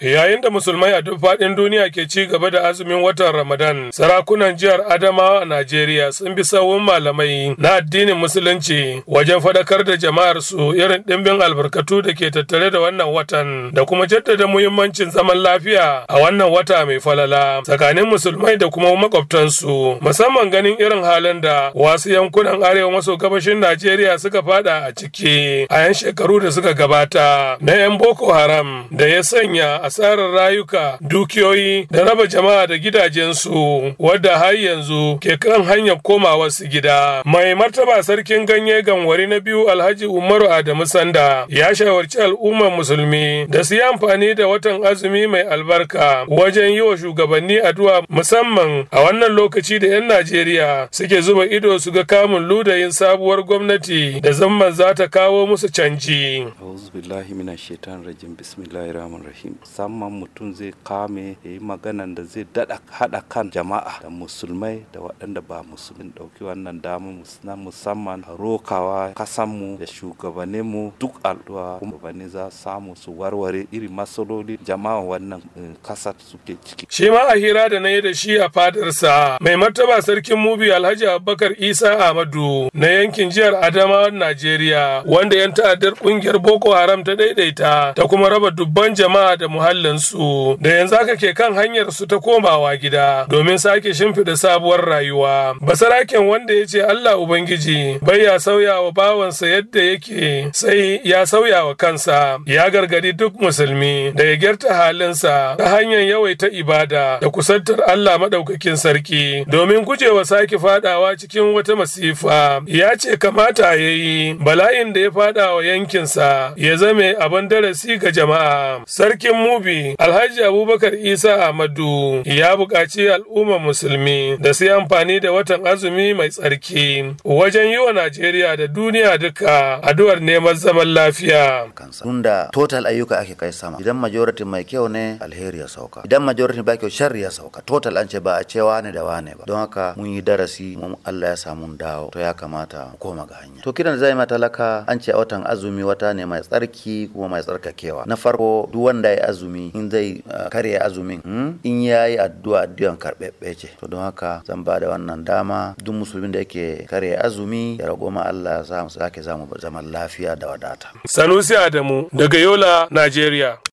Yayin da musulmai a duk faɗin duniya ke ci gaba da azumin watan Ramadan, sarakunan jihar Adamawa a Najeriya sun bi sawun malamai na addinin Musulunci wajen faɗakar da jama'ar su irin ɗimbin albarkatu da ke tattare da wannan watan da kuma jaddada muhimmancin zaman lafiya a wannan wata mai falala tsakanin musulmai da kuma makwabtansu musamman ganin irin halin da wasu yankunan arewa maso gabashin Najeriya suka faɗa a ciki a 'yan shekaru da suka gabata na 'yan Boko Haram da ya sanya asarar rayuka dukiyoyi da raba jama'a da gidajensu wadda har yanzu ke kan hanyar komawa su gida mai martaba sarkin ganye ganwari na biyu alhaji umaru adamu sanda ya shawarci al'ummar musulmi da su yi amfani da watan azumi mai albarka wajen yi wa shugabanni addu'a musamman a wannan lokaci da 'yan najeriya suke zuba ido su ga kamun ludayin sabuwar gwamnati da zamman za ta kawo musu canji. musamman mutum zai kame ya yi maganan da zai daɗa haɗa kan jama'a da musulmai da waɗanda ba musulmin ɗauki wannan damar na musamman rokawa kasanmu da shugabanninmu duk al'uwa shugabanni za samu su warware irin matsaloli jama'a wannan kasar eh, suke ciki. Shi ma a hira da na yi da shi a fadarsa mai martaba sarkin mubi Alhaji Abubakar Isa Ahmadu na yankin jihar Adamawa Najeriya wanda yan ta'addar ƙungiyar Boko Haram ta daidaita ta kuma raba dubban jama'a da muhalli muhallinsu da yanzu haka ke kan hanyar su ta komawa gida domin sake shimfiɗa sabuwar rayuwa. Basaraken wanda ya ce Allah Ubangiji bai ya sauya wa bawansa yadda yake sai ya sauya wa kansa ya gargadi duk musulmi da ya gyarta halinsa ta hanyar yawaita ibada da kusantar Allah maɗaukakin sarki domin gujewa sake fadawa cikin wata masifa ya ce kamata ya yi bala'in da ya fada wa yankinsa ya zame abin darasi ga jama'a sarkin mu Nairobi, Alhaji Abubakar Isa Ahmadu ya buƙaci al'ummar musulmi da su yi amfani da watan azumi mai tsarki wajen yi wa Najeriya da duniya duka addu'ar neman zaman lafiya. Tunda total ayyuka ake kai sama. Idan majority mai kyau ne alheri ya sauka. Idan majority ba kyau shari ya sauka. Total an ce ba a ce wane da wane ba. Don haka mun yi darasi mun Allah ya samu dawo to ya kamata mu koma ga hanya. To kidan zai ma talaka an ce watan azumi wata ne mai tsarki kuma mai tsarkakewa. Na farko duk wanda ya azumi azumi in zai ah, karya azumin hmm, in ya yayi addu'a addu'an karɓaɓɓe ce to don haka zan ba da wannan dama duk musulmin da yake karya azumi ya rago ma Allah ya sake zamu zaman lafiya da wadata Sanusi Adamu daga Yola Najeriya